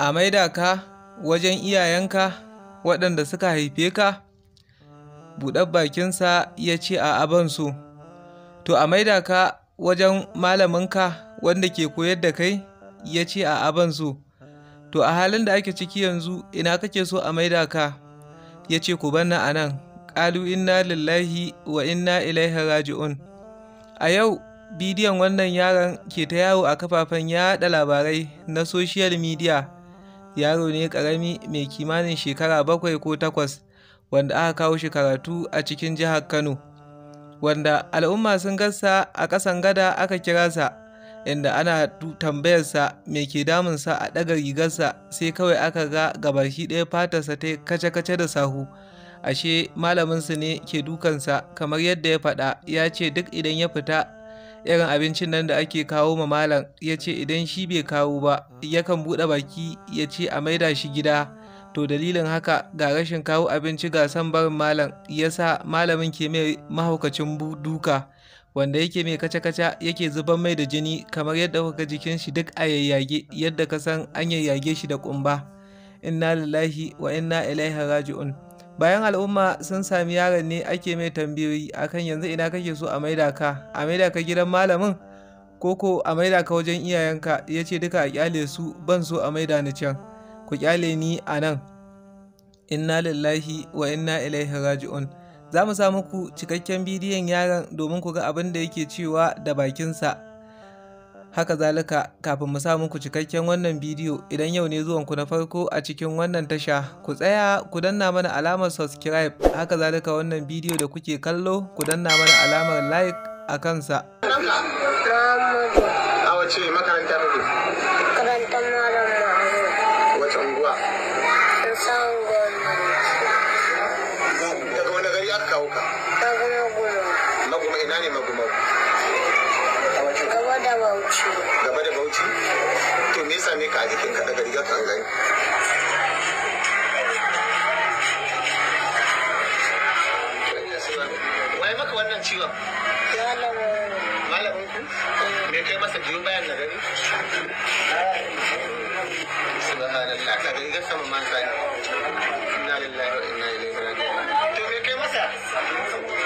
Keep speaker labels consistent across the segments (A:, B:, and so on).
A: a maida ka wajen iyayenka waɗanda suka haife ka buɗar bakinsa ya ce a abansu, to a maida ka wajen malaminka wanda ke koyar da kai ya ce a abansu, to a halin da ake ciki yanzu ina kake so a maida ka ya ce ku banna a nan ƙalu inna lillahi wa inna ilaihi raji'un a yau bidiyon wannan yaron ke ta yawo a kafafen yaɗa labarai na social media yaro ne karami mai kimanin shekara bakwai ko takwas wanda aka kawo shi karatu a cikin jihar kano wanda al'umma sun gasa a ƙasan gada aka kira sa inda ana tambayarsa mai ke damunsa a ɗaga rigarsa sai kawai aka ga gabashi ɗaya fatarsa ta kace-kace da sahu ashe malaminsu ne ke dukansa kamar yadda ya faɗa ya ce duk idan ya fita irin abincin nan da ake kawo ma malam ya ce idan shi bai kawo ba yakan buɗe baki ya ce a maida shi gida to dalilin haka ga rashin kawo abinci ga san barin malam ya sa malamin ke mai mahaukacin duka wanda yake mai kaca-kaca yake zuban mai da jini kamar yadda kuka jikin shi duk a yayyage yadda ka san an yayyage shi da kumba inna lillahi wa inna ilaihi raji'un bayan al'umma sun sami yaron ne ake mai tambayoyi akan yanzu ina kake so a maida ka a maida ka gidan malamin koko a maida ka wajen iyayenka ya ce duka a kyale su ban so a maida ni can ku kyale ni a nan inna lillahi wa inna ilaihi raji'un za mu sa ku cikakken bidiyon yaron domin ku ga abin da yake cewa da bakinsa Haka zalika kafin mu samu ku cikakken wannan bidiyo idan yau ne zuwanku na farko a cikin wannan tasha ku tsaya ku danna mana alamar subscribe haka zalika wannan bidiyo da kuke kallo ku danna mana alamar like a kansa.
B: A wace makarantar gaba da bauchi to me yasa me ka jikin ka daga rigar wai maka wannan ciwon kai masa bayan na me kai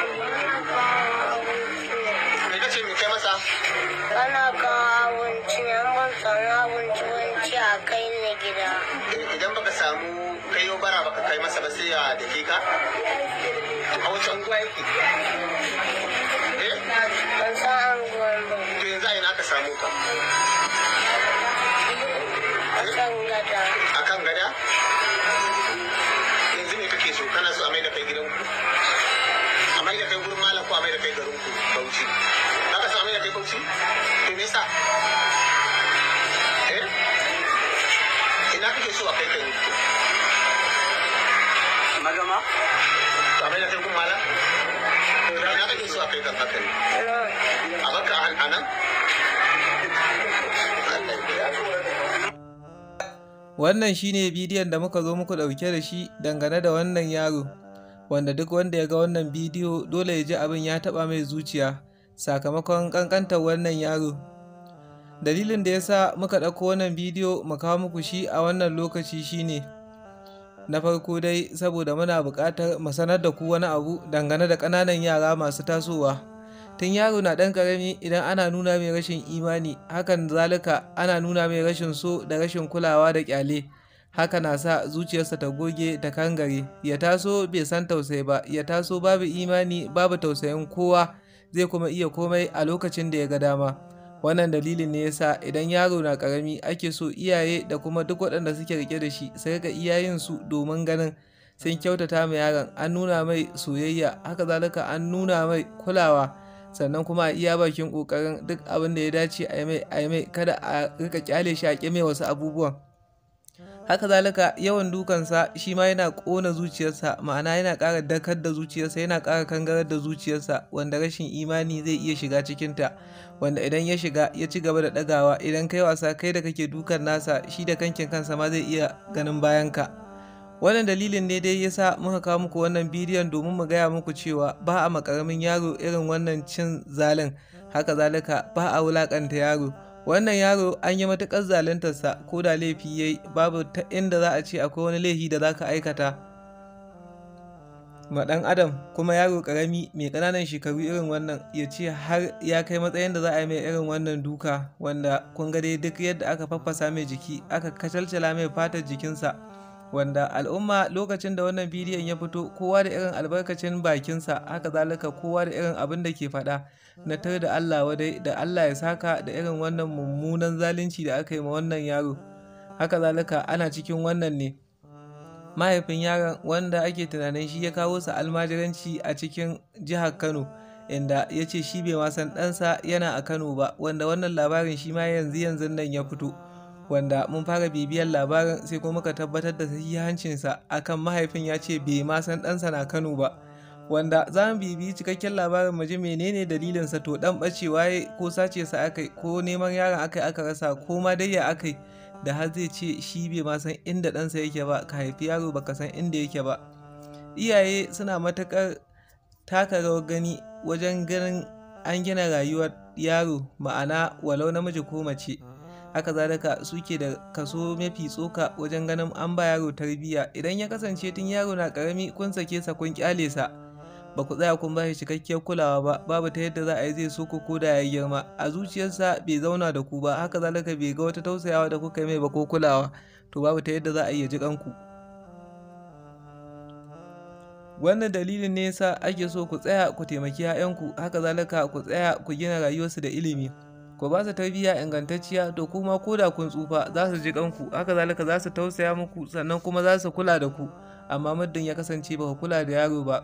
B: me kai masa ana jiya da ke ka a wace unguwa yake eh ban san unguwar ba to yanzu a ina ka samu ka eh? akan gada yanzu ne kake so kana so a mai da kai gidan ku? a mai da kai gurin malam ko a mai da kai garinku bauchi haka so a mai da kai bauchi to me Eh? ina kake so a kai kai magama abin ne
A: Wannan shine bidiyon da muka zo muku ɗauke da shi dangane da wannan yaro, wanda duk wanda ya ga wannan bidiyo dole ya ji abin ya taɓa mai zuciya sakamakon ƙanƙantar wannan yaro. Dalilin da ya sa muka ɗauko wannan bidiyo mu kawo muku shi a wannan lokaci shine na farko dai saboda muna buƙatar mu sanar da ku wani abu dangane da ƙananan yara masu tasowa tun yaro na ɗan ƙarami idan ana nuna mai rashin imani hakan zalika ana nuna mai rashin so da rashin kulawa da ƙyale haka na sa zuciyarsa ta goge ta kangare ya taso bai san tausayi ba ya taso babu imani babu tausayin kowa zai kuma iya komai a lokacin da ya ga dama wannan dalilin ne yasa idan yaro na karami ake so iyaye da kuma duk waɗanda suke rike da shi su rika su domin ganin sun kyautata ma yaron an nuna mai soyayya haka zalika an nuna mai kulawa sannan kuma a iya bakin kokarin duk abin da ya dace a yi mai kada a rika kyale shi a kyame wasu abubuwan haka zalika yawan dukansa shi ma yana kona zuciyarsa ma'ana yana kara dakar da zuciyarsa yana kara kangarar da zuciyarsa wanda rashin imani zai iya shiga cikinta wanda idan ya shiga ya ci gaba da ɗagawa idan kai wasa kai da kake dukan nasa shi da kankin kansa ma zai iya ganin bayan ka. wannan dalilin ne dai yasa muka kawo muku wannan bidiyon domin mu gaya muku cewa ba a makaramin yaro irin wannan cin zalin haka zalika ba a wulakanta yaro wannan yaro an yi matuƙar zaluntarsa ko da laifi ya yi babu ta inda za a ce akwai wani laifi da za ka aikata Maɗan adam kuma yaro ƙarami mai ƙananan shekaru irin wannan ya ce har ya kai matsayin da za a yi mai irin wannan duka wanda kun ga dai duk yadda aka faffasa mai jiki aka kacalcala mai fatar jikinsa wanda al'umma lokacin da wannan bidiyon ya fito kowa da irin albarkacin bakinsa haka zalika kowa da irin abin da ke faɗa na tar da Allah wadai da Allah ya saka da irin wannan mummunan zalunci da aka yi ma wannan yaro haka zalika ana cikin wannan ne mahaifin yaron wanda ake tunanin shi ya kawo sa almajiranci a cikin jihar Kano inda ya ce shi bai ma san ɗansa yana a Kano ba wanda wannan labarin shi ma yanzu yanzu nan ya fito wanda mun fara bibiyar labarin sai kuma muka tabbatar da sahihancinsa akan mahaifin ya ce bai ma san ɗansa na Kano ba wanda za mu bibiyi cikakken labarin mu ji menene sa to dan bacewa ya ko sace sa akai ko neman yaron akai aka rasa ko ma dai ya akai da har zai ce shi bai ma san inda ɗansa yake ba ka haifi yaro baka san inda yake ba iyaye suna matuƙar taka rawar gani wajen ganin an gina rayuwar yaro ma'ana walau namiji ko mace haka zalika suke da kaso mafi tsoka wajen ganin an ba yaro tarbiyya idan ya kasance tun yaro na karami kun sake sa kun kyale sa ba ku tsaya kun ba shi cikakkiyar kulawa ba babu ta yadda za a yi zai so ku ko da ya girma a zuciyarsa bai zauna da ku ba haka zalika bai ga wata tausayawa da kuka mai ba ko kulawa to babu ta yadda za a iya ji kanku wannan dalilin ne yasa ake so ku tsaya ku taimaki 'ya'yanku haka zalika ku tsaya ku gina rayuwarsu da ilimi ku ba su tarbiyya ingantacciya to kuma ko da kun tsufa za su ji kanku haka zalika za su tausaya muku sannan kuma za su kula da ku amma muddin ya kasance baka kula da yaro ba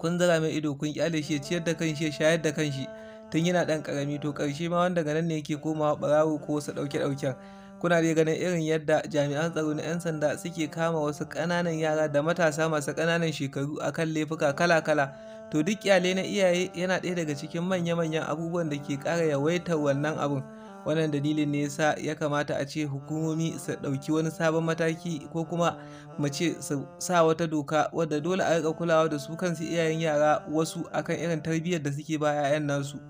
A: kun zara mai ido kun kyale shi ciyar da kanshi ya shayar da kanshi tun yana dan karami to karshe ma wanda ganin ne yake komawa barawo ko wasu dauke dauken kuna dai ganin irin yadda jami'an tsaro na 'yan sanda suke kama wasu kananan yara da matasa masu ƙananan shekaru a kan laifuka kala-kala to duk kyale na iyaye yana ɗaya daga cikin manya-manyan abubuwan da ke ƙara yawaitar wannan abun wannan dalilin ne yasa ya kamata a ce hukumomi su ɗauki wani sabon mataki ko kuma mu ce su sa wata doka wadda dole a riƙa kulawa da su kansu iyayen yara wasu akan irin tarbiyyar da suke ba 'ya'yan nasu.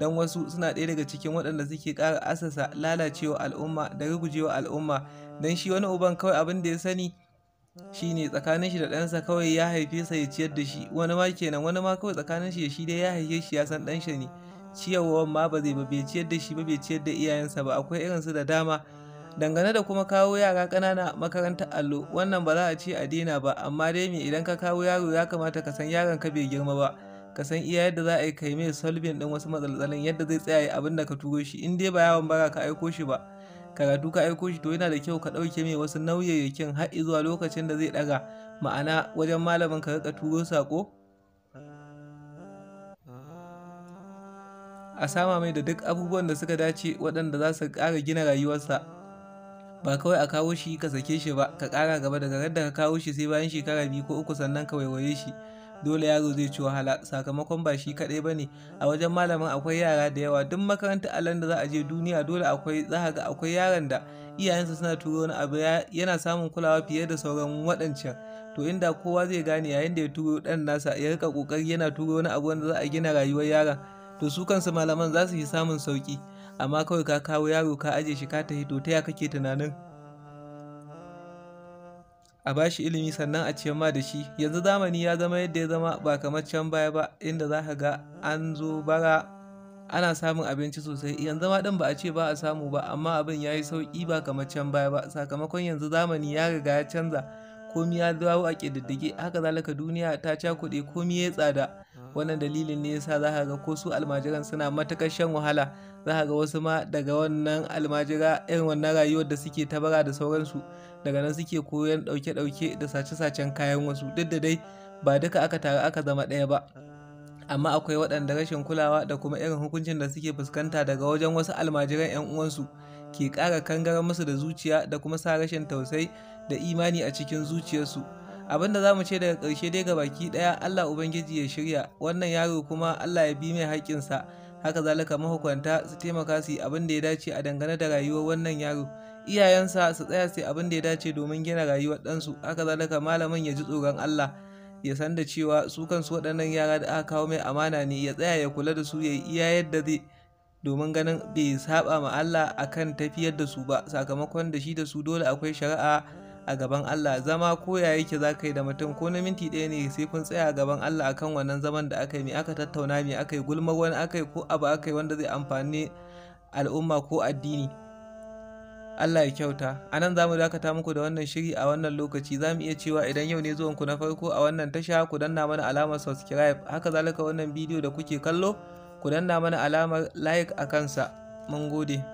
A: don wasu suna ɗaya daga cikin waɗanda suke ƙara asasa lalacewa al'umma da rugujewa al'umma don shi wani uban kawai abin da ya sani shi ne tsakanin shi da ɗansa kawai ya haife sa ya ciyar da shi wani ma kenan wani ma kawai tsakanin shi da shi dai ya haife shi ya san ɗansa ne ciyarwar ma ba zai ba bai ciyar da shi ba bai ciyar da iyayensa ba akwai irinsu da dama dangane da kuma kawo yara ƙanana makarantar allo wannan ba za a ce a daina ba amma dai me idan ka kawo yaro ya kamata ka san yaron ka bai girma ba ka san iya yadda za a yi kai mai solving din wasu matsaltsalan yadda zai tsaya abin da ka tugo shi in dai ba yawon baka ka aiko shi ba karatu ka aiko shi to yana da kyau ka ɗauke mai wasu nauyayyakin har zuwa lokacin da zai ɗaga ma'ana wajen malamin ka rika tugo sako a sama mai da duk abubuwan da suka dace waɗanda za su ƙara gina rayuwarsa ba kawai a kawo shi ka sake shi ba ka ƙara gaba daga da ka kawo shi sai bayan shekara biyu ko uku sannan ka waiwaye shi dole yaro zai ci wahala sakamakon ba shi kaɗai ba ne a wajen malamin akwai yara da yawa duk makaranta allon da za a je duniya dole akwai za ga akwai yaron da iyayensa suna turo wani abu yana samun kulawa fiye da sauran waɗancan to inda kowa zai gane yayin da ya turo ɗan nasa ya rika ƙoƙari yana turo wani abu wanda za a gina rayuwar yaron to su kansu malaman za su yi samun sauƙi amma kawai ka kawo yaro ka aje shi ka tafi to ta ya kake tunanin a bashi ilimi sannan a ciyar ma da shi yanzu zamani ya zama yadda ya zama ba kamar can baya ba inda za ka ga an zo bara ana samun abinci sosai yanzu ma ɗin ba a ce ba a samu ba amma abin ya yi sauƙi ba kamar can baya ba sakamakon yanzu zamani ya riga ya canza komi ya dawo a ƙididdige haka zalika duniya ta ca kuɗi komi ya tsada wannan dalilin ne yasa za ka ga ko su almajiran suna matuƙar shan wahala za ka ga wasu ma daga wannan almajira irin wannan rayuwar da suke ta bara da sauransu daga nan suke koyon ɗauke-ɗauke da sace-sacen kayan wasu duk da dai ba duka aka tare aka zama ɗaya ba amma akwai waɗanda rashin kulawa da kuma irin hukuncin da suke fuskanta daga wajen wasu almajiran 'yan uwansu ke ƙara kangara musu da zuciya da kuma sa rashin tausayi da imani a cikin zuciyarsu Abinda da za mu ce daga karshe dai ga baki ɗaya allah ubangiji ya shirya wannan yaro kuma allah ya bi mai haƙƙinsa haka zalika mahukunta su taimaka su yi abin da ya dace a dangane da rayuwar wannan yaro iyayensa su tsaya sai abin da ya dace domin gina rayuwar ɗansu haka zalika malamin ya ji tsoron Allah ya san da cewa su kansu waɗannan yara da aka kawo mai amana ne ya tsaya ya kula da su ya yi iya yadda zai domin ganin bai saba ma Allah akan tafiyar da su ba sakamakon da shi da su dole akwai shari'a a gaban Allah zama ko ya yake za ka yi da mutum ko na minti ɗaya ne sai kun tsaya a gaban Allah akan wannan zaman da aka yi me aka tattauna me aka yi gulmar wani aka yi ko abu aka yi wanda zai amfani al'umma ko addini Allah ya kyauta a nan za mu dakata muku da wannan shiri a wannan lokaci za mu iya cewa idan yau ne zuwanku na farko a wannan tasha ku danna mana alamar subscribe haka zalika wannan bidiyo da kuke kallo ku danna mana alamar like a kansa mun gode